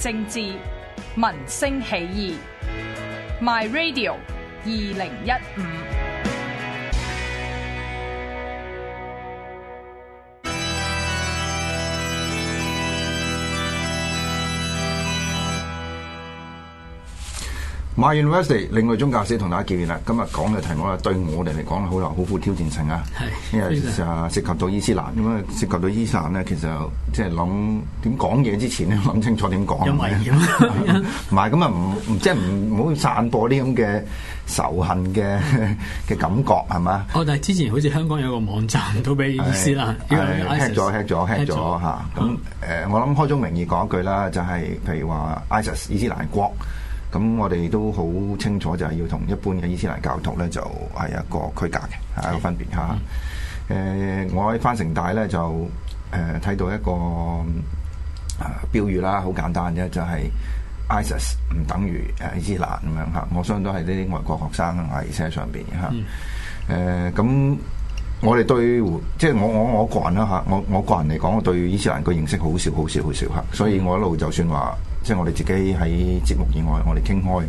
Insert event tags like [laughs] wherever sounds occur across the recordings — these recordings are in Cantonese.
政治民生起義，My Radio 二零一五。My University，另類宗教史同大家見面啦。今日講嘅題目啊，對我哋嚟講好有好富挑戰性啊。因為啊，涉及到伊斯蘭咁啊，涉及到伊斯蘭咧，其實即係諗點講嘢之前咧，諗清楚點講。有危險。唔係咁啊，唔唔即係唔好散播啲咁嘅仇恨嘅嘅感覺係嘛？哦，但係之前好似香港有個網站都俾伊斯蘭，因為 hit 咗 hit 咗 hit 咗吓，咁誒，我諗開宗明義講一句啦，就係譬如話，ISIS 伊斯蘭國。咁我哋都好清楚，就係要同一般嘅伊斯蘭教徒咧，就係、是、一個區隔嘅，係一個分別嚇。誒、嗯呃，我喺翻城大咧就誒睇、呃、到一個標語啦，好簡單啫，就係、是、ISIS 唔等於誒伊斯蘭咁樣嚇。我相信都係啲外國學生啊，而且喺上邊嚇。誒、嗯，咁、呃、我哋對即係我我我個人啦嚇、啊，我我個人嚟講，我對伊斯蘭嘅認識好少好少好少嚇，所以我一路就算話。嗯嗯即係我哋自己喺節目以外，我哋傾開。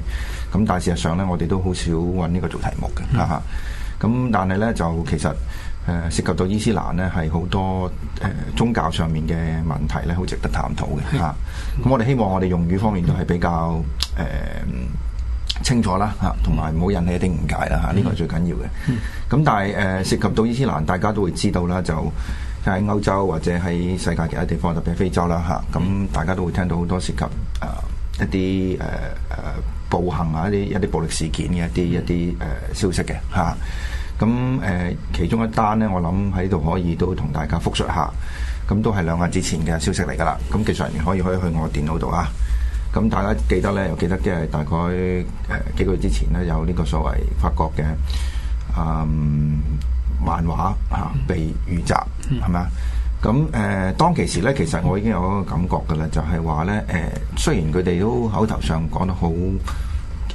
咁但係事實上咧，我哋都好少搵呢個做題目嘅嚇。咁但係咧就其實誒涉及到伊斯蘭咧，係好多誒宗教上面嘅問題咧，好值得探討嘅嚇。咁我哋希望我哋用語方面都係比較誒清楚啦嚇，同埋唔好引起一啲誤解啦嚇。呢個係最緊要嘅。咁但係誒涉及到伊斯蘭，大家都會知道啦就。喺歐洲或者喺世界其他地方，特別係非洲啦嚇，咁、啊、大家都會聽到好多涉及誒一啲誒誒暴行啊、一啲、啊、一啲暴力事件嘅一啲一啲誒、啊、消息嘅嚇。咁、啊、誒、啊、其中一單咧，我諗喺度可以都同大家複述下，咁、啊、都係兩日之前嘅消息嚟噶啦。咁技術人員可以可以去我電腦度啊。咁、啊、大家記得咧，又記得即係大概幾個月之前咧，有呢個所謂法國嘅嗯。啊漫畫嚇被預襲係咪啊？咁誒、呃、當其時咧，其實我已經有一個感覺嘅啦，就係話咧誒，雖然佢哋都口頭上講得、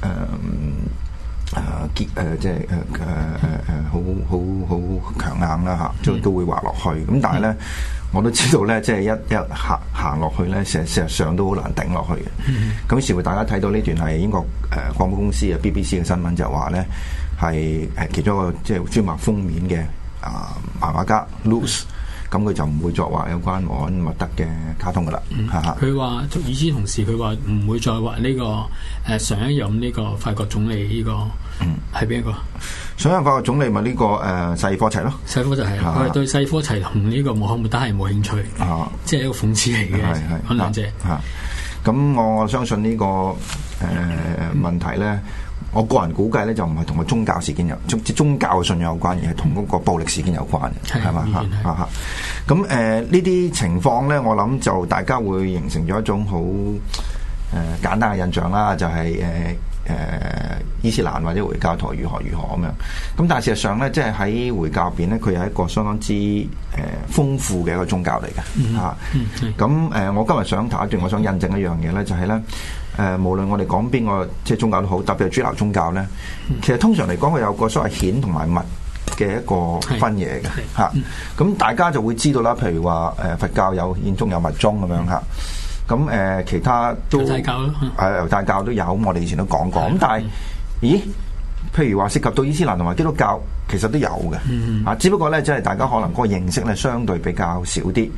啊啊啊啊啊啊、好誒誒結即係誒誒誒誒好好好強硬啦嚇，都、啊、都會畫落去。咁、嗯、但係咧，我都知道咧，即、就、係、是、一一下行落去咧，事實上都好難頂落去嘅。咁、嗯、時會大家睇到呢段係英國誒廣播公司啊 BBC 嘅新聞就話咧。係誒其中一個即係專賣封面嘅啊漫畫家 Luz，咁佢就唔會作畫有關安物德嘅卡通㗎喇。嗯，係佢話與此同時，佢話唔會再畫呢個誒上一任呢個法國總理呢個。嗯，係邊一個？上一任法國總理咪呢個誒細科齊咯。細科就係佢對細科齊同呢個安物德係冇興趣。哦，即係一個諷刺嚟嘅。係係。兩者。啊。咁我相信呢個誒問題咧。我個人估計咧，就唔係同個宗教事件有宗宗教嘅信仰有關，而係同嗰個暴力事件有關，係嘛嚇啊嚇！咁誒呢啲情況咧，我諗就大家會形成咗一種好誒、呃、簡單嘅印象啦，就係誒誒伊斯蘭或者回教徒如何如何咁樣。咁但係事實上咧，即係喺回教入邊咧，佢係一個相當之誒、呃、豐富嘅一個宗教嚟嘅嚇。咁誒、嗯嗯啊呃，我今日想打一段，我想印證一樣嘢咧，就係咧誒，無論我哋講邊個即係宗教都好，特別係主流宗教咧，嗯、其實通常嚟講，佢有個所謂顯同埋密嘅一個分野嘅嚇。咁、嗯嗯啊、大家就會知道啦，譬如話誒佛教有顯宗有密宗咁樣嚇。咁誒、呃，其他都係猶太教都有，我哋以前都講過，咁的但係、嗯、咦？譬如話涉及到伊斯蘭同埋基督教，其實都有嘅，啊、嗯，只不過咧，即係大家可能嗰個認識咧相對比較少啲。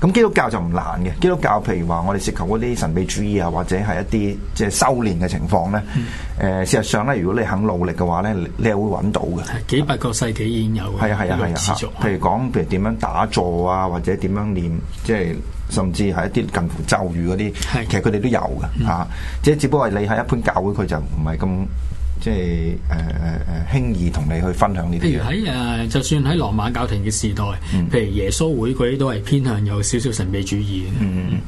咁的基督教就唔難嘅，基督教譬如話我哋涉及嗰啲神秘主義啊，或者係一啲即係修練嘅情況咧，誒、嗯呃，事實上咧，如果你肯努力嘅話咧，你係會揾到嘅。幾百個世紀已經有。係啊，係啊，係啊。譬如講，譬如點樣打坐啊，或者點樣念，即係甚至係一啲近乎咒語嗰啲，其實佢哋都有嘅，啊的，即係只不過你喺一般教會，佢就唔係咁。即係誒誒誒，輕易同你去分享呢啲嘢。譬如喺誒，就算喺羅馬教廷嘅時代，譬如耶穌會嗰啲都係偏向有少少神秘主義。嗯，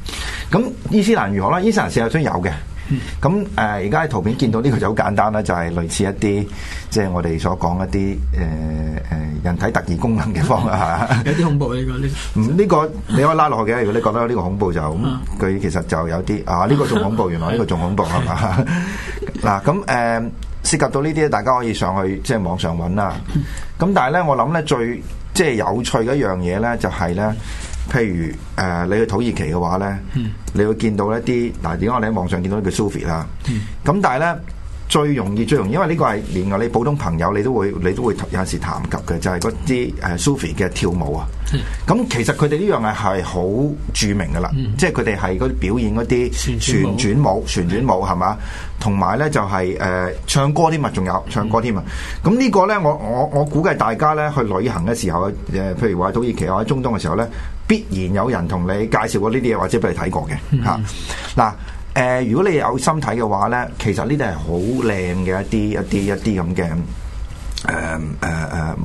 咁伊斯蘭如何咧？伊斯蘭事實上有嘅。咁誒而家喺圖片見到呢個就好簡單啦，就係類似一啲即係我哋所講一啲誒誒人體特異功能嘅方法。有啲恐怖呢個呢？嗯，呢個你可以拉落去嘅。如果你覺得呢個恐怖就佢其實就有啲啊，呢個仲恐怖，原來呢個仲恐怖係嘛？嗱咁誒。涉及到呢啲大家可以上去即係網上揾啦。咁但係呢，我諗呢最即係有趣嘅一樣嘢呢，就係、是、呢，譬如誒、呃、你去土耳其嘅話呢，嗯、你會見到一啲，嗱點解我哋喺網上見到叫 Sufi 啦。咁、嗯、但係呢。最容易最容易，因為呢個係連我哋普通朋友你都會，你都會有陣時談及嘅，就係、是、嗰啲誒 Sufi 嘅跳舞啊。咁、嗯、其實佢哋呢樣嘢係好著名嘅啦，嗯、即係佢哋係啲表演嗰啲旋轉舞、旋、嗯、轉舞係嘛？同埋咧就係、是、誒、呃、唱歌添啊，仲有唱歌添啊！咁、嗯、呢個咧，我我我估計大家咧去旅行嘅時候，誒譬如話土耳其或者喺中東嘅時候咧，必然有人同你介紹過呢啲嘢，或者俾你睇過嘅嚇嗱。啊嗯誒、呃，如果你有心睇嘅話咧，其實呢啲係好靚嘅一啲一啲一啲咁嘅誒誒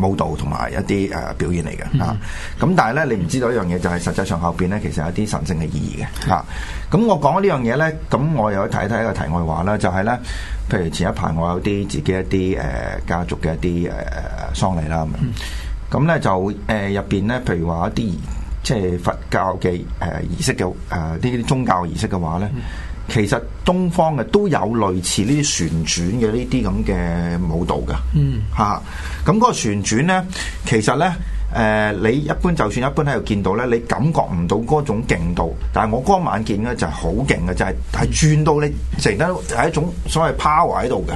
誒舞蹈同埋一啲誒、呃呃、表現嚟嘅吓。咁、啊、但係咧，你唔知道一樣嘢就係實際上後邊咧，其實有啲神聖嘅意義嘅吓。咁、啊、我講呢樣嘢咧，咁我又睇睇一個題外話啦。就係、是、咧，譬如前一排我有啲自己一啲誒、呃、家族嘅一啲誒誒喪禮啦，咁、呃、咧、啊、就誒入邊咧，譬如話一啲即係佛教嘅誒儀式嘅誒呢啲宗教儀式嘅話咧。啊嗯啊其實東方嘅都有類似呢啲旋轉嘅呢啲咁嘅舞蹈嘅，嗯嚇、啊，咁嗰個旋轉呢，其實呢。誒、呃，你一般就算一般喺度見到咧，你感覺唔到嗰種勁度，但係我嗰晚見咧就係好勁嘅，就係、是、係轉到你成得係一種所謂 power 喺度嘅。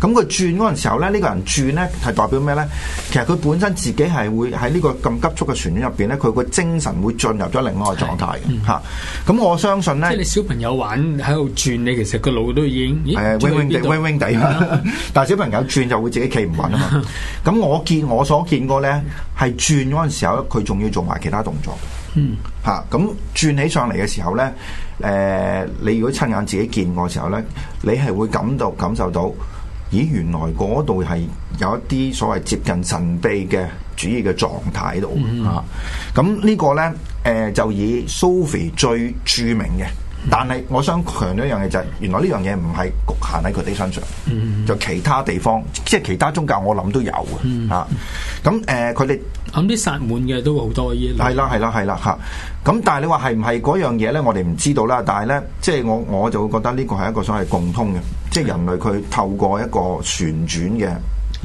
咁佢、嗯、轉嗰陣時候咧，呢、這個人轉咧係代表咩咧？其實佢本身自己係會喺呢個咁急促嘅旋轉入邊咧，佢個精神會進入咗另外一個狀態嘅嚇。咁、嗯、我相信咧，即係你小朋友玩喺度轉你，你其實個腦都已經，誒，wing wing 地，wing wing 地但係小朋友轉就會自己企唔穩啊嘛。咁、嗯、 [laughs] 我見我所見過咧係。係轉嗰陣時候，佢仲要做埋其他動作。嗯，吓咁轉起上嚟嘅時候咧，誒、呃，你如果親眼自己見過嘅時候咧，你係會感到感受到，咦，原來嗰度係有一啲所謂接近神秘嘅主義嘅狀態喺度吓。咁、嗯啊、呢個咧，誒、呃，就以 Sophie 最著名嘅。但係，我想強調一樣嘢就係，原來呢樣嘢唔係局限喺佢哋身上，嗯、就其他地方，即係其他宗教，我諗都有嘅嚇。咁誒，佢哋諗啲殺滿嘅都好多嘢。啲。係啦，係啦，係啦嚇。咁但係你話係唔係嗰樣嘢咧？我哋唔知道啦。但係咧，即係我我就會覺得呢個係一個所謂共通嘅，即係人類佢透過一個旋轉嘅，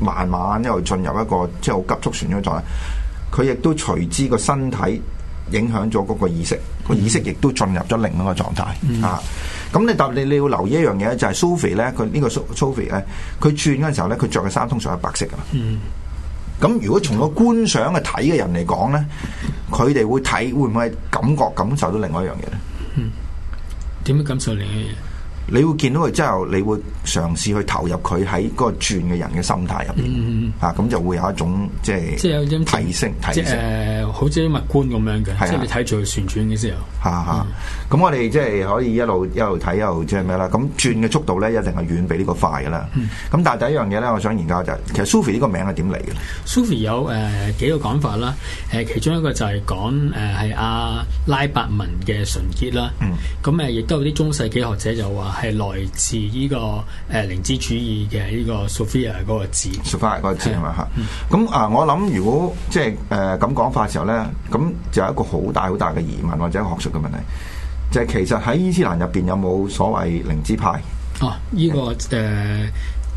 慢慢又進入一個即係好急速旋轉狀態，佢亦都隨之個身體，影響咗嗰個意識，個意識亦都進入咗另一個狀態、嗯、啊！咁你答你你要留意一樣嘢咧，就係、是、Sophie 咧，佢呢個 Sophie 咧，佢轉嗰陣時候咧，佢着嘅衫通常係白色㗎嘛。嗯。咁如果從個觀賞嘅睇嘅人嚟講咧，佢哋會睇會唔會感覺感受到另外一樣嘢咧？嗯。點樣感受另外一樣嘢？你會見到佢之後，你會嘗試去投入佢喺嗰個轉嘅人嘅心態入邊，嗯嗯嗯啊咁就會有一種、就是、即係提升提升，誒、呃、好似啲物觀咁樣嘅，啊、即係你睇住佢旋轉嘅時候。嚇嚇，咁我哋即係可以一路一路睇一路即係咩啦？咁、嗯、轉嘅速度咧一定係遠比呢個快㗎啦。咁、嗯、但係第一樣嘢咧，我想研究就係、是、其實 Sufi 呢個名係點嚟嘅 Sufi 有誒幾個講法啦，誒其中一個就係講誒係阿拉伯文嘅純潔啦。咁誒亦都有啲中,、嗯、中世紀學者就話。係來自呢、這個誒、呃、靈知主義嘅呢個 Sophia 嗰個字，Sophia 嗰個字啊嘛嚇。咁啊 I Yeah.、嗯，我諗如果即係誒咁講法嘅時候咧，咁就有一個好大好大嘅疑問或者學術嘅問題，就係、是、其實喺伊斯蘭入邊有冇所謂靈知派啊？呢、這個誒。Uh,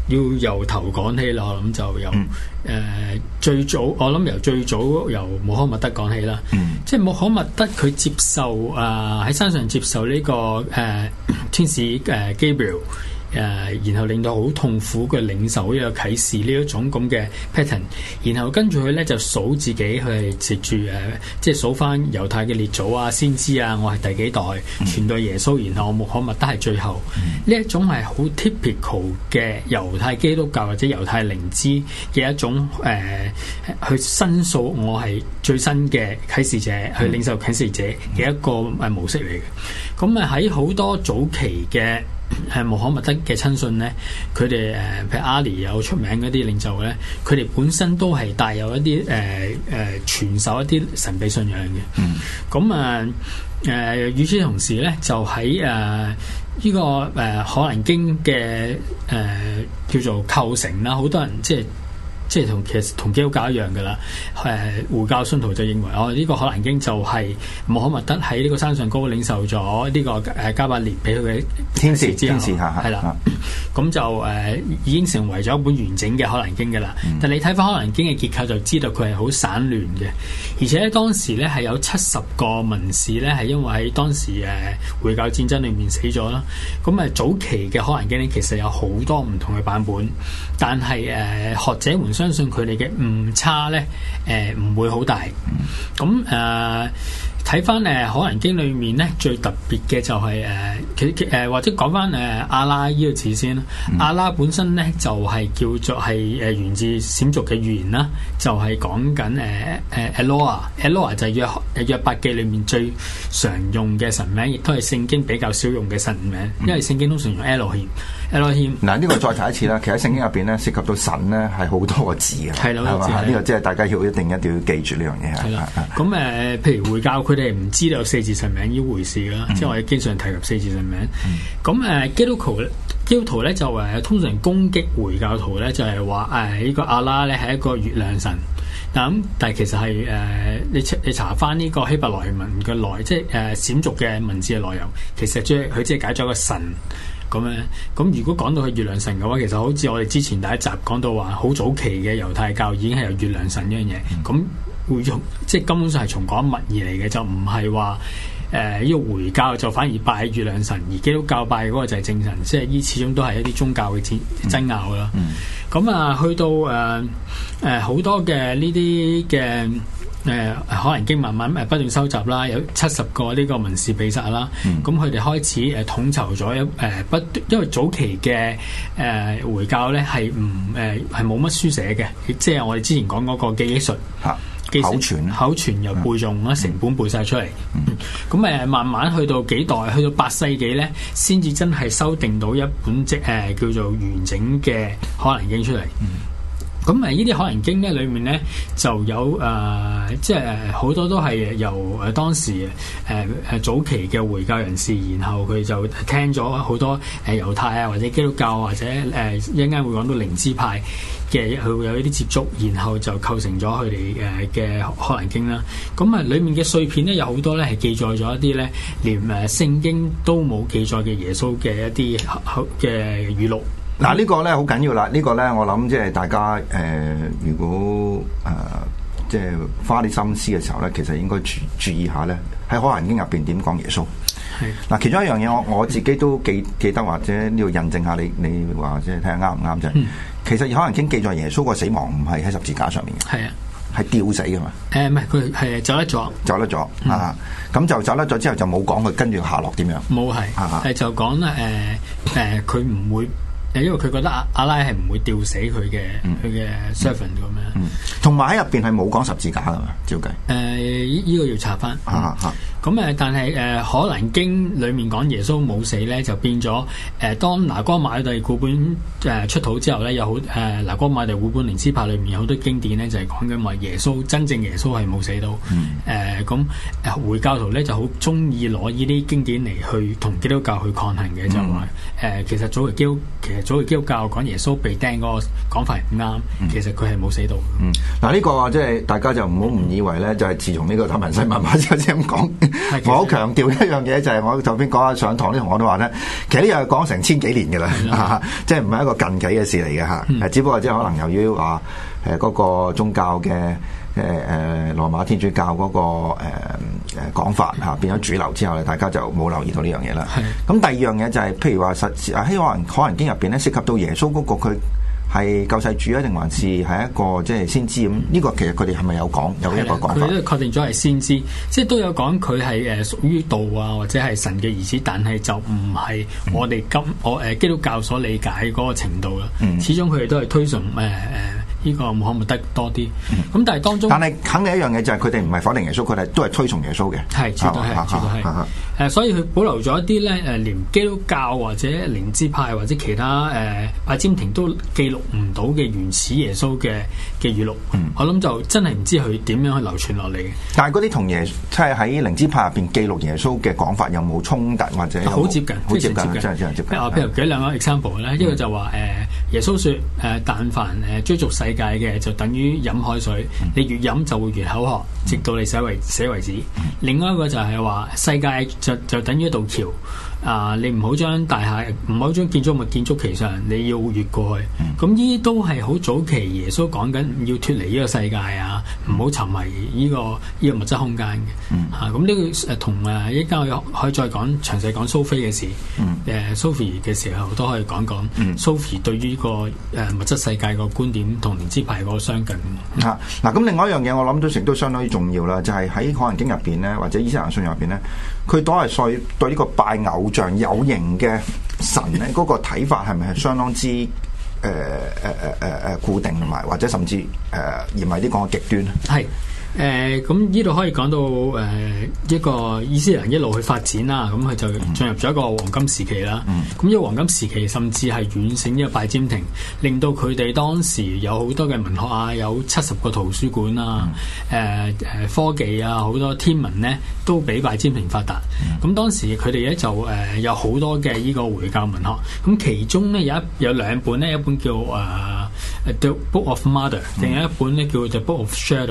要由頭講起啦，我諗就由誒、mm. 呃、最早，我諗由最早由穆罕默德講起啦。Mm. 即係穆罕默德佢接受誒喺、呃、山上接受呢、這個誒、呃、天使誒、呃、Gabriel。誒、呃，然後令到好痛苦嘅領受呢個啟示呢一種咁嘅 pattern，然後跟住佢咧就數自己去接住誒、呃，即係數返猶太嘅列祖啊、先知啊，我係第幾代傳、嗯、到耶穌，然後穆罕默德係最後呢一、嗯、種係好 typical 嘅猶太基督教或者猶太靈知嘅一種誒、呃，去申訴我係最新嘅啟示者，嗯、去領受啟示者嘅一個誒模式嚟嘅。咁啊喺好多早期嘅。係穆罕默德嘅親信咧，佢哋誒譬如阿里有出名嗰啲領袖咧，佢哋本身都係帶有一啲誒誒傳授一啲神秘信仰嘅。嗯，咁啊誒，與此同時咧，就喺誒呢個誒、呃、可能經嘅誒、呃、叫做構成啦，好多人即係。即係同其實同基督教一樣嘅啦，誒、呃，回教信徒就認為哦，呢、這個《可蘭經》就係穆罕默德喺呢個山上高領受咗呢、這個誒、呃、加百列俾佢嘅天使，天使下啦，咁了、啊、就誒、呃、已經成為咗一本完整嘅《可蘭經》嘅啦。但你睇翻《可蘭經》嘅結構，就知道佢係好散亂嘅，而且當時咧係有七十個文士咧係因為喺當時誒、呃、回教戰爭裏面死咗啦。咁誒早期嘅《可蘭經》咧其實有好多唔同嘅版本，但係誒、呃、學者們。相信佢哋嘅誤差咧，誒、呃、唔會好大。咁誒睇翻誒《可、呃、蘭經》裏面咧，最特別嘅就係、是、誒、呃，其其、呃、或者講翻誒阿拉呢個詞先、嗯、阿拉本身咧就係、是、叫做係誒源自閃族嘅語言啦，就係、是、講緊誒誒 Eloah，Eloah 就係約約伯記裏面最常用嘅神名，亦都係聖經比較少用嘅神名，因為聖經通常用 e l a 嗱呢 Elohim 個再提一次啦，其實聖經入邊咧涉及到神咧，係好多個字嘅，係嘛呢個即係大家要一定一定要記住呢樣嘢啊！咁誒，譬如回教佢哋唔知道有四字神名呢回事啦，嗯、即係我哋經常提及四字神名。咁誒、嗯，基督徒基督徒咧就誒通常攻擊回教徒咧就係話誒呢個阿拉咧係一個月亮神。但係其實係誒、呃，你查你查翻呢個希伯來文嘅內即係誒閃族嘅文字嘅內容，其實即係佢即係解咗個神。咁咧，咁如果講到係月亮神嘅話，其實好似我哋之前第一集講到話，好早期嘅猶太教已經係有月亮神呢、嗯、樣嘢，咁會用即係根本上係從講物而嚟嘅，就唔係話誒要回教就反而拜月亮神，而基督教拜嗰個就係正神，即係依始終都係一啲宗教嘅、嗯、爭拗啦。咁啊、嗯，去到誒誒好多嘅呢啲嘅。誒、呃、可蘭經慢慢誒、呃、不斷收集啦，有七十個呢個文士被殺啦，咁佢哋開始誒統籌咗一誒、呃、不，因為早期嘅誒、呃、回教咧係唔誒係冇乜書寫嘅，即係我哋之前講嗰個記憶術嚇、啊、術口傳、啊，口傳又背誦啦，嗯、成本背晒出嚟，咁誒、嗯嗯嗯、慢慢去到幾代，去到八世紀咧，先至真係修訂到一本即誒叫做完整嘅可蘭經出嚟。嗯咁啊！呢啲《可蘭經》咧裏面咧就有誒、呃，即係好多都係由誒當時誒誒、呃、早期嘅回教人士，然後佢就聽咗好多誒猶太啊，或者基督教，或者誒一陣間會講到靈知派嘅，佢會有一啲接觸，然後就構成咗佢哋誒嘅《可蘭經》啦。咁啊，裏面嘅碎片咧有好多咧係記載咗一啲咧，連誒聖經都冇記載嘅耶穌嘅一啲嘅語錄。嗱、嗯啊這個、呢個咧好緊要啦，這個、呢個咧我諗即係大家誒、呃，如果誒、呃、即係花啲心思嘅時候咧，其實應該注注意下咧，喺《可蘭經》入邊點講耶穌。係嗱，其中一樣嘢我我自己都記記得，或者呢度印證下你你話即係睇下啱唔啱，就其實《可蘭經》記載耶穌個死亡唔係喺十字架上面嘅，係啊，係吊死噶嘛。誒、欸，唔係，佢係走甩咗，走甩咗，咁就走甩咗之後就冇講佢跟住下落點樣，冇係、嗯，嗯、就講咧誒誒，佢、呃、唔、呃呃、會。因為佢覺得阿阿拉係唔會吊死佢嘅，佢嘅 servant 咁樣。同埋喺入邊係冇講十字架㗎嘛，照計。誒、呃，依、依、依個要查翻。啊啊啊咁誒，但係誒、呃、可能經裡面講耶穌冇死咧，就變咗誒、呃。當拿哥馬地古本誒、呃、出土之後咧，有好誒、呃、拿哥馬地古本連書帕裏面有好多經典咧，就係講緊話耶穌真正耶穌係冇死到。誒咁、嗯呃、回教徒咧就好中意攞呢啲經典嚟去同基督教去抗衡嘅，嗯、就話、是、誒、呃、其實早期基督其實早期基督教講耶穌被釘嗰個講法係唔啱，其實佢係冇死到。嗱呢、嗯嗯嗯呢個即係大家就唔好唔以為咧，就係自從呢個塔文西文話先咁講。 [laughs] [music] 我好強調一樣嘢，就係、是、我頭先講啊，上堂啲同學都話咧，其實呢樣係講成千幾年嘅啦， [music] [laughs] 即係唔係一個近幾嘅事嚟嘅吓，只不過即係可能由於話誒嗰個宗教嘅誒誒羅馬天主教嗰、那個誒誒講法吓、啊、變咗主流之後咧，大家就冇留意到呢樣嘢啦。咁的第二樣嘢就係、是、譬如話實誒，有人可能經入邊咧涉及到耶穌嗰個佢。係救世主啊，定還是係一個即係先知咁？呢、這個其實佢哋係咪有講？有一個講法。佢都係確定咗係先知，即係都有講佢係誒屬於道啊，或者係神嘅兒子，但係就唔係我哋今我誒基督教所理解嗰個程度啦。始終佢哋都係推崇誒。嗯呃呃呢個冇可唔得多啲，咁但係當中，但係肯定一樣嘢就係佢哋唔係否定耶穌，佢哋都係推崇耶穌嘅，係絕對係絕對係，所以佢保留咗一啲咧，誒，連基督教或者靈知派或者其他誒拜占庭都記錄唔到嘅原始耶穌嘅嘅語錄。我諗就真係唔知佢點樣去流傳落嚟嘅。但係嗰啲同耶穌即係喺靈知派入邊記錄耶穌嘅講法有冇衝突或者好接近，好接近，真係接近。我譬如舉兩個 example 咧，一個就話誒耶穌説誒，但凡誒追逐世世界嘅就等於飲海水，你越飲就會越口渴，直到你死為死為止。另外一個就係話，世界就就等於一道橋。啊！你唔好將大廈唔好將建築物建築其上，你要越過去。咁呢、嗯、都係好早期耶穌講緊要脫離呢個世界啊！唔好沉迷呢、這個呢、這個物質空間嘅嚇。咁呢個同誒依家可以再講詳細講蘇菲嘅事。誒、嗯啊、蘇菲嘅時候都可以講講蘇菲對於呢、這個、呃、物質世界個觀點同靈知派嗰個相近。嗯嗯、啊！嗱咁另外一樣嘢我諗都成都相當於重要啦，就係喺《可蘭經》入邊咧，或者醫生《伊斯蘭信》入邊咧，佢都係對對呢個拜偶像。像有形嘅神咧，嗰、那個睇法係咪係相當之誒誒誒誒誒固定同埋，或、呃、者、呃呃呃呃呃、甚至誒、呃、而唔係啲咁嘅極端？係。誒咁呢度可以講到誒、呃、一個伊斯蘭一路去發展啦，咁佢就進入咗一個黃金時期啦。咁呢、嗯、個黃金時期甚至係遠勝呢個拜占庭，令到佢哋當時有好多嘅文學啊，有七十個圖書館啊，誒誒、嗯呃、科技啊，好多天文咧都比拜占庭發達。咁、嗯、當時佢哋咧就誒有好多嘅呢個回教文學，咁其中咧有一有兩本咧，一本叫啊，呃《The Book of Mother》，仲有一本咧叫《The Book of Shadow》。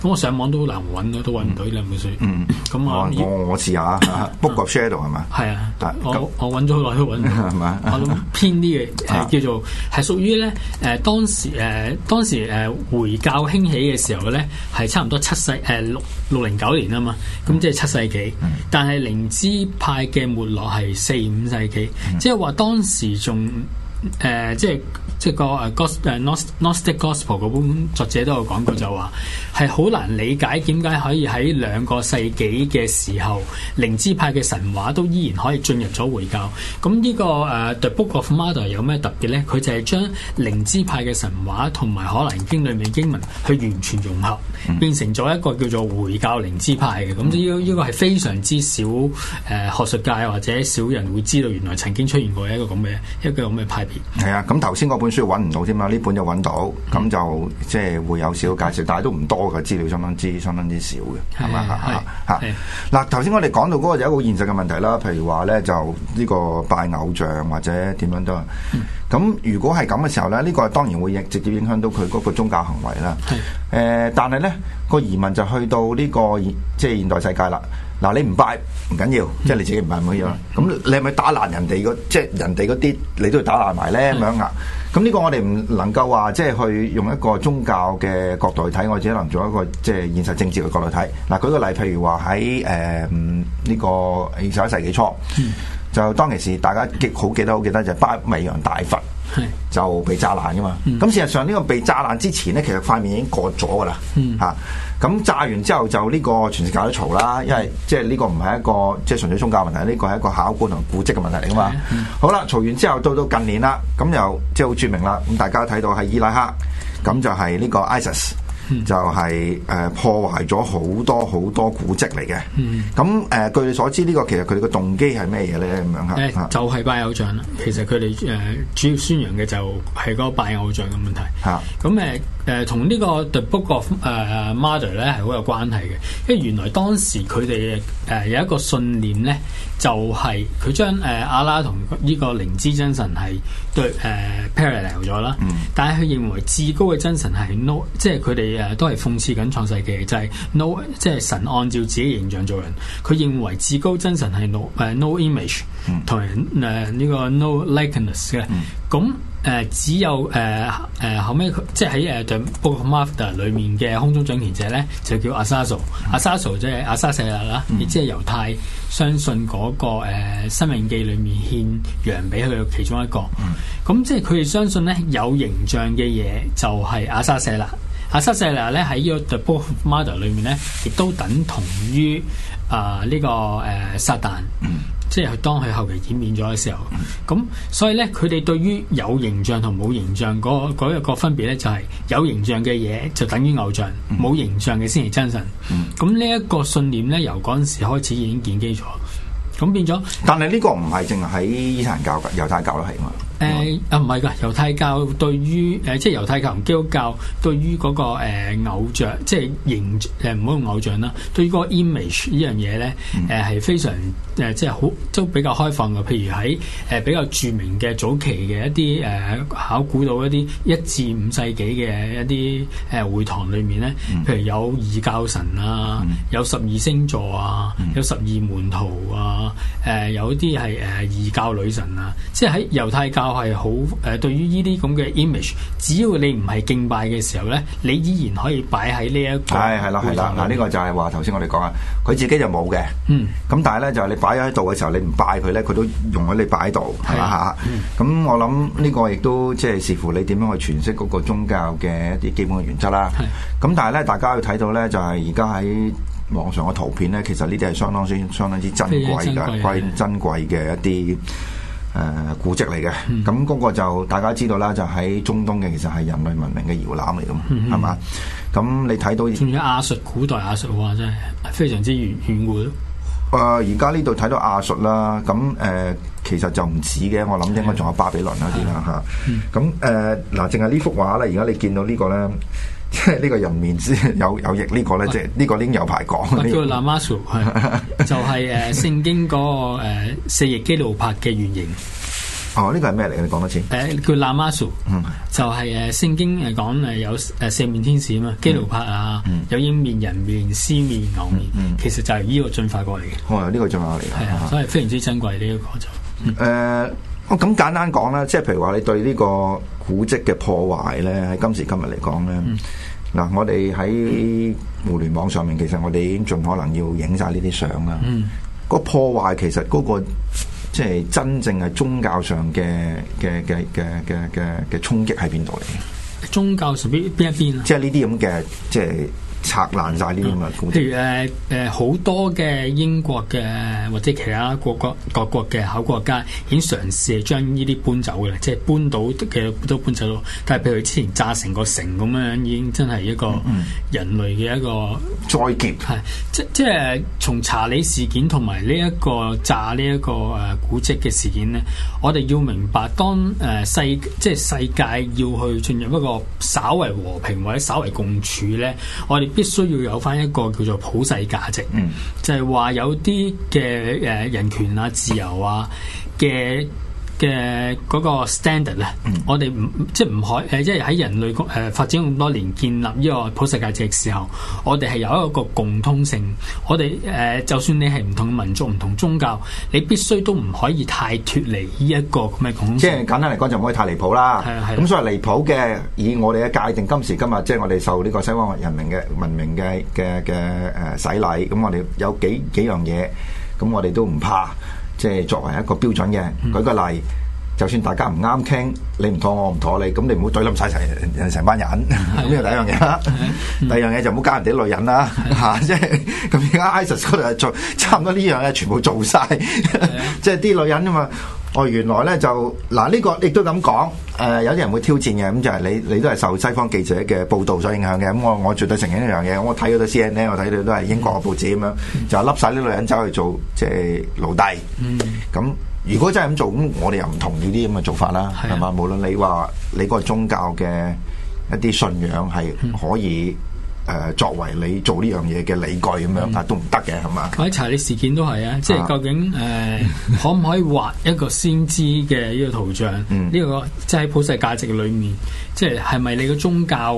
咁我上網都好難揾到，都揾唔到呢兩本書、嗯。嗯，咁、嗯哦、我我我試下，《Book of Shadow》係嘛？係啊，like, go. 我我揾咗好耐都揾唔到。係嘛？我諗偏啲嘅，叫做係屬於咧誒、呃、當時誒、呃、當時誒、呃呃、回教興起嘅時候嘅咧，係差唔多七世誒、呃、六六零九年啊嘛。咁、嗯、即係七世紀，但係靈知派嘅沒落係四五世紀，即係話當時仲。誒、呃，即係即係個誒 g Nost,uh, Gnostic Gospel 本作者都有講過，就話係好難理解，點解可以喺兩個世紀嘅時候，靈知派嘅神話都依然可以進入咗回教。咁呢、呢個誒、uh, The Book of Mother 有咩特別咧？佢就係將靈知派嘅神話同埋《可能經裏面嘅經文，佢完全融合，變成咗一個叫做回教靈知派嘅。咁呢個呢個係非常之少誒、呃、學術界或者少人會知道，原來曾經出現過一個咁嘅一個咁嘅派。係啊，咁頭先嗰本書揾唔到添嘛，呢本就揾到，咁就即係、就是、會有少少介紹，但係都唔多嘅資料相當，相當之少嘅，係嘛吓吓。嗱，頭先我哋講到嗰個就一個現實嘅問題啦，譬如話咧就呢個拜偶像或者點樣都，咁、嗯、如果係咁嘅時候咧，呢、這個當然會直接影響到佢嗰個宗教行為啦。係誒是、呃，但係咧、那個疑問就去到呢、這個即係、就是、現代世界啦。嗱，你唔拜唔緊要，即係你自己唔拜冇嘢啦。咁、嗯、你係咪打爛人哋個？即係人哋嗰啲，你都要打爛埋咧咁樣啊？咁呢、嗯、個我哋唔能夠話，即係去用一個宗教嘅角度去睇，或者能做一個即係現實政治嘅角度睇。嗱，舉個例，譬如話喺誒呢個二十一世紀初，嗯、就當其時大家極好記得，好記得就係巴米揚大佛。是就被炸爛噶嘛，咁、嗯、事實上呢個被炸爛之前呢，其實塊面已經割咗噶啦，吓咁、嗯啊、炸完之後就呢個全世界都嘈啦，因為即係呢個唔係一個即係純粹宗教問題，呢、呢個係一個考古同古蹟嘅問題嚟噶嘛。嗯、好啦，嘈完之後到到近年啦，咁又即係好著名啦，咁大家睇到係伊拉克，咁就係呢個 ISIS。 [noise] 就係、是、誒、呃、破壞咗好多好多古蹟嚟嘅，咁誒、 [noise] 呃、據你所知呢、呢個其實佢哋嘅動機係咩嘢咧？咁樣嚇就係、是、拜偶像啦，其實佢哋誒主要宣揚嘅就係嗰個拜偶像嘅問題，咁誒是、啊。呃誒同呢個 The Book of,、呃，不過誒 Mother 咧係好有關係嘅，因為原來當時佢哋誒有一個信念咧，就係佢將誒阿拉同呢個靈知真神係對誒 parallel 咗啦。呃嗯、但係佢認為至高嘅真神係 no，即係佢哋誒都係諷刺緊創世記，就係、是、no，即係神按照自己形象造人。佢認為至高真神係 no 誒、uh, no image，同埋呢個 no likeness 嘅。咁、嗯。嗯嗯誒、呃、只有誒誒、呃呃、後尾，即喺誒 The Book of Master 裏面嘅空中掌權者咧，就叫阿薩蘇，阿薩蘇即係阿沙舍勒啦。亦即係猶太相信嗰、那個、呃、《生命記》裏面獻羊俾佢嘅其中一個。咁、嗯、即係佢哋相信咧，有形象嘅嘢就係阿沙舍勒。阿沙舍勒咧喺《The Book of Master》裏面咧，亦都等同於啊呢、呃這個誒、呃、撒旦。嗯。即係當佢後期演變咗嘅時候，咁所以呢，佢哋對於有形象同冇形象嗰、那個、個分別呢，就係、是、有形象嘅嘢就等於偶像，冇、嗯、形象嘅先係真神。咁呢一個信念呢，由嗰陣時開始已經建基咗，咁變咗。但係呢個唔係淨係喺伊斯蘭教噶，猶太教都係嘛。誒、呃、啊唔係㗎，猶太教對於誒、呃、即係猶太教同基督教對於、嗰個誒、呃、偶像，即係形誒唔好用偶像啦，對於個 image 個呢樣嘢咧，誒、呃、係非常誒、呃、即係好都比較開放嘅。譬如喺誒、呃、比較著名嘅早期嘅一啲誒、呃、考古到一啲一至五世紀嘅一啲誒會堂裏面咧，譬如有異教神啊，嗯、有十二星座啊，嗯、有十二門徒啊，誒、呃、有一啲係誒異教女神啊，即係喺猶太教。我係好誒、呃，對於呢啲咁嘅 image，只要你唔係敬拜嘅時候咧，你依然可以擺喺呢一個。係係啦係啦，嗱呢個就係話頭先我哋講啊，佢自己就冇嘅。嗯，咁但係咧就係、是、你擺喺度嘅時候，你唔拜佢咧，佢都用喺你擺度，係嘛嚇？咁吧、嗯、我諗呢個亦都即係視乎你點樣去詮釋嗰個宗教嘅一啲基本嘅原則啦。係是，咁但係咧，大家要睇到咧，就係而家喺網上嘅圖片咧，其實呢啲係相當相當之珍貴嘅，珍貴嘅一啲。誒、呃，古跡嚟嘅，咁嗰、嗯、個就大家知道啦，就喺中東嘅，其實係人類文明嘅搖籃嚟嘅嘛，係嘛、嗯哼？咁你睇到，算唔算亞述古代亞述畫真係非常之遠遠古？誒、呃，而家呢度睇到亞述啦，咁誒、呃，其實就唔似嘅，我諗應該仲有巴比倫嗰啲啦吓。咁誒的，嗱，淨係、嗯啊呃、呢幅畫咧，而家你見到呢個咧。即係呢個人面獅有有翼呢個咧，即係呢個已經有排講。叫拉馬蘇，就係誒聖經嗰個誒四翼基路伯嘅原型。哦，呢個係咩嚟嘅？你講多次。誒，叫拉馬蘇，嗯，就係誒聖經誒講誒有誒四面天使啊嘛，基路伯啊，有鷹面、人面、獅面、牛面，其實就係呢個進化過嚟嘅。哦，呢個進化嚟。係所以非常之珍貴呢一個就誒，我咁簡單講啦，即係譬如話你對呢個。古蹟嘅破壞咧，喺今時今日嚟講咧，嗱、嗯、我哋喺互聯網上面，其實我哋已經盡可能要影晒呢啲相啦。嗯、個破壞其實嗰、嗰個即係、就是、真正係宗教上嘅嘅嘅嘅嘅嘅嘅衝擊喺邊度嚟？宗教屬於邊一邊啊？即係呢啲咁嘅，即、就、係、是。拆爛曬啲咁嘅古，譬如誒誒好多嘅英國嘅或者其他各國國國嘅考古學家已經嘗試將呢啲搬走嘅啦，即係搬到其實都搬走咯。但係譬如之前炸成個城咁樣，已經真係一個人類嘅一個、嗯嗯、是災劫。係即即係從查理事件同埋呢一個炸呢、這、一個誒、呃、古蹟嘅事件咧，我哋要明白當誒、呃、世即係世界要去進入一個稍為和平或者稍為共處咧，我哋。必須要有翻一個叫做普世價值，嗯，就係話有啲嘅誒人權啊、自由啊嘅。嘅嗰個 standard 咧、嗯，我哋唔即係唔可誒，即係喺人類誒、呃、發展咁多年建立呢個普世價值嘅時候，我哋係有一個共通性。我哋誒、呃，就算你係唔同民族、唔同宗教，你必須都唔可以太脱離呢一個咁嘅共通性。即係簡單嚟講，就唔可以太離譜啦。係，係。咁所以離譜嘅，以我哋嘅界定，今時今日，即係我哋受呢個西方人明嘅文明嘅嘅嘅誒洗禮，咁我哋有幾幾樣嘢，咁我哋都唔怕。即係作為一個標準嘅，舉個例，就算大家唔啱傾，你唔妥我我唔妥你，咁你唔好對冧曬成成班人。呢個是、啊、 [laughs] 第一樣嘢，是啊、第二樣嘢就唔好加人哋啲女人啦嚇，即係咁而家 ISIS 嗰度做，差唔多呢樣嘢全部做晒，即係啲女人啊嘛。哦，原來咧就嗱呢，這個亦都咁講，誒、呃、有啲人會挑戰嘅，咁、嗯、就係、是、你你都係受西方記者嘅報道所影響嘅，咁、嗯、我我絕對承認一樣嘢，我睇到都 CNN，我睇到都係英國嘅報紙咁樣，嗯、就係笠晒啲女人走去做即係奴隸，咁、呃嗯、如果真係咁做，咁我哋又唔同呢啲咁嘅做法啦，係嘛？啊，無論你話你嗰個宗教嘅一啲信仰係可以。嗯誒作為你做呢樣嘢嘅理據咁樣啊，都唔得嘅係嘛？喺查理事件都係啊，即係究竟誒，呃、 [laughs] 可唔可以畫一個先知嘅呢個圖像？呢、嗯呢個即係喺普世價值裏面，即係係咪你個宗教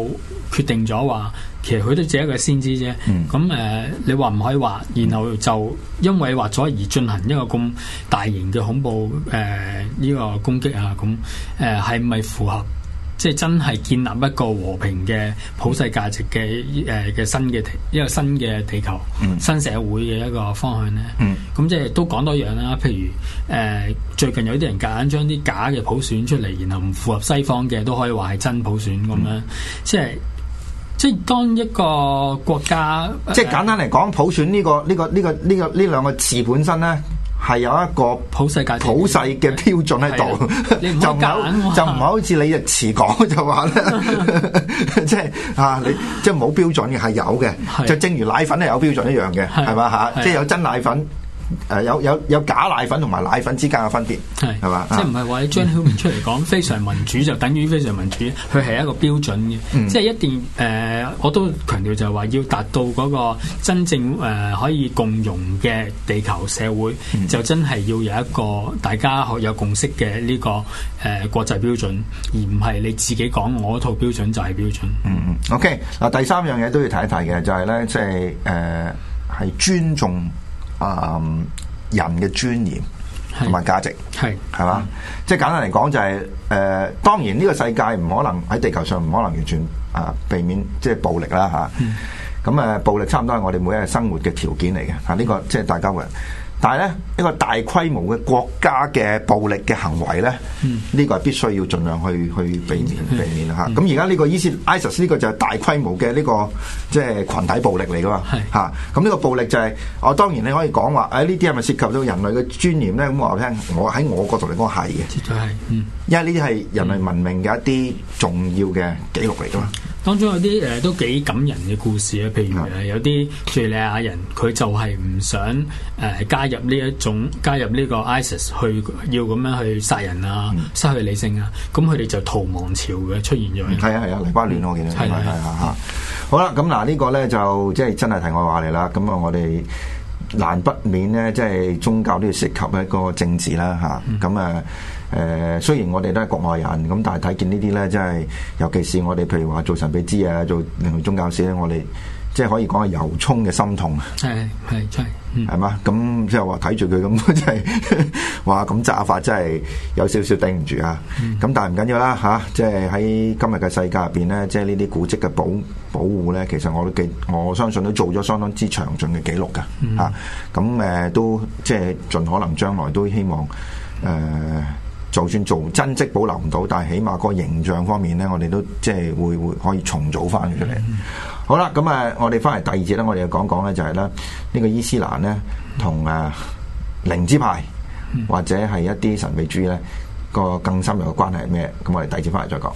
決定咗話，其實佢都只係一個先知啫？嗯，咁誒、呃，你話唔可以畫，然後就因為畫咗而進行一個咁大型嘅恐怖誒呢、呃呢個攻擊啊？咁誒係咪符合？即係真係建立一個和平嘅普世價值嘅誒嘅新嘅一個新嘅地球、嗯、新社會嘅一個方向咧，咁、嗯、即係都講多樣啦。譬如誒、呃，最近有啲人夾硬將啲假嘅普選出嚟，然後唔符合西方嘅都可以話係真普選咁樣，嗯、即係即係當一個國家，即係簡單嚟講，普選呢、呢個呢、呢個呢、呢個呢、呢個呢、呢個呢個呢個呢個、兩個詞本身呢。係有一個普世界普世嘅標準喺度。 [noise] 啊、 [laughs] 就唔不、啊、就唔係好似你日時講就話咧，即係啊你即係冇標準嘅，係有嘅。 [laughs] 就正如奶粉係有標準一樣嘅，係嘛嚇，吧啊、即係有真奶粉。誒、呃，有有有假奶粉同埋奶粉之間嘅分別係係嘛？是吧即係唔係話張曉明出嚟講 [laughs] 非常民主就等於非常民主，佢係一個標準嘅，嗯、即係一定誒、呃，我都強調就係話要達到嗰個真正誒、呃、可以共融嘅地球社會，嗯、就真係要有一個大家可有共識嘅呢、這個誒、呃、國際標準，而唔係你自己講我套標準就係標準。嗯嗯。OK，嗱、啊、第三樣嘢都要提一提嘅就係、是、咧，即係誒係尊重。啊、嗯，人嘅尊嚴同埋價值，係係嘛，吧即係簡單嚟講就係、是、誒、呃，當然呢個世界唔可能喺地球上唔可能完全啊避免即係暴力啦吓，咁、啊、誒、嗯嗯、暴力差唔多係我哋每一日生活嘅條件嚟嘅吓，呢、啊呢個即係大家嘅。但係咧，一個大規模嘅國家嘅暴力嘅行為咧，呢、嗯、個係必須要盡量去去避免避免吓。咁而家呢個伊 ISIS 呢個就係大規模嘅呢、呢個即係、就是、群體暴力嚟噶嘛吓。咁呢是、嗯嗯呢個暴力就係、是、我、哦、當然你可以講話誒呢啲係咪涉及到人類嘅尊嚴咧？咁、嗯、話聽我喺我角度嚟講係嘅，係，因為呢啲係人類文明嘅一啲重要嘅記錄嚟噶嘛。嗯嗯嗯當中有啲誒、呃、都幾感人嘅故事啊，譬如誒的有啲敘利亞人，佢就係唔想誒、呃、加入呢一種加入呢個 ISIS 去要咁樣去殺人啊，嗯、失去理性啊，咁佢哋就逃亡潮嘅出現咗。係啊係啊，黎巴嫩我見到係啊係啊吓。好啦，咁嗱呢個咧就即係真係題外話嚟啦。咁啊，我哋難不免咧，即係宗教都要涉及一個政治啦吓。咁啊。嗯嗯誒、呃，雖然我哋都係國外人，咁但係睇見呢啲咧，真係，尤其是我哋譬如話做神秘之嘢、啊，做靈媒宗教師咧，我哋即係可以講係由衷嘅心痛。係係真係，係嘛？咁、嗯、即係話睇住佢咁，真係，哇！咁炸法真係有少少頂唔住啊。咁、嗯、但係唔緊要、啊、啦，嚇、啊！即係喺今日嘅世界入邊咧，即係呢啲古蹟嘅保保護咧，其實我都幾，我相信都做咗相當之詳盡嘅記錄㗎。嚇、啊！咁誒都即係盡可能，將來都希望誒。呃呃就算做真跡保留唔到，但係起碼個形象方面咧，我哋都即係會會可以重組翻出嚟。嗯嗯、好啦，咁誒，我哋翻嚟第二節咧，我哋講講咧就係、是、咧，呢、這個伊斯蘭咧同誒靈知派或者係一啲神秘主義咧、那個更深入嘅關係係咩？咁我哋第二節翻嚟再講。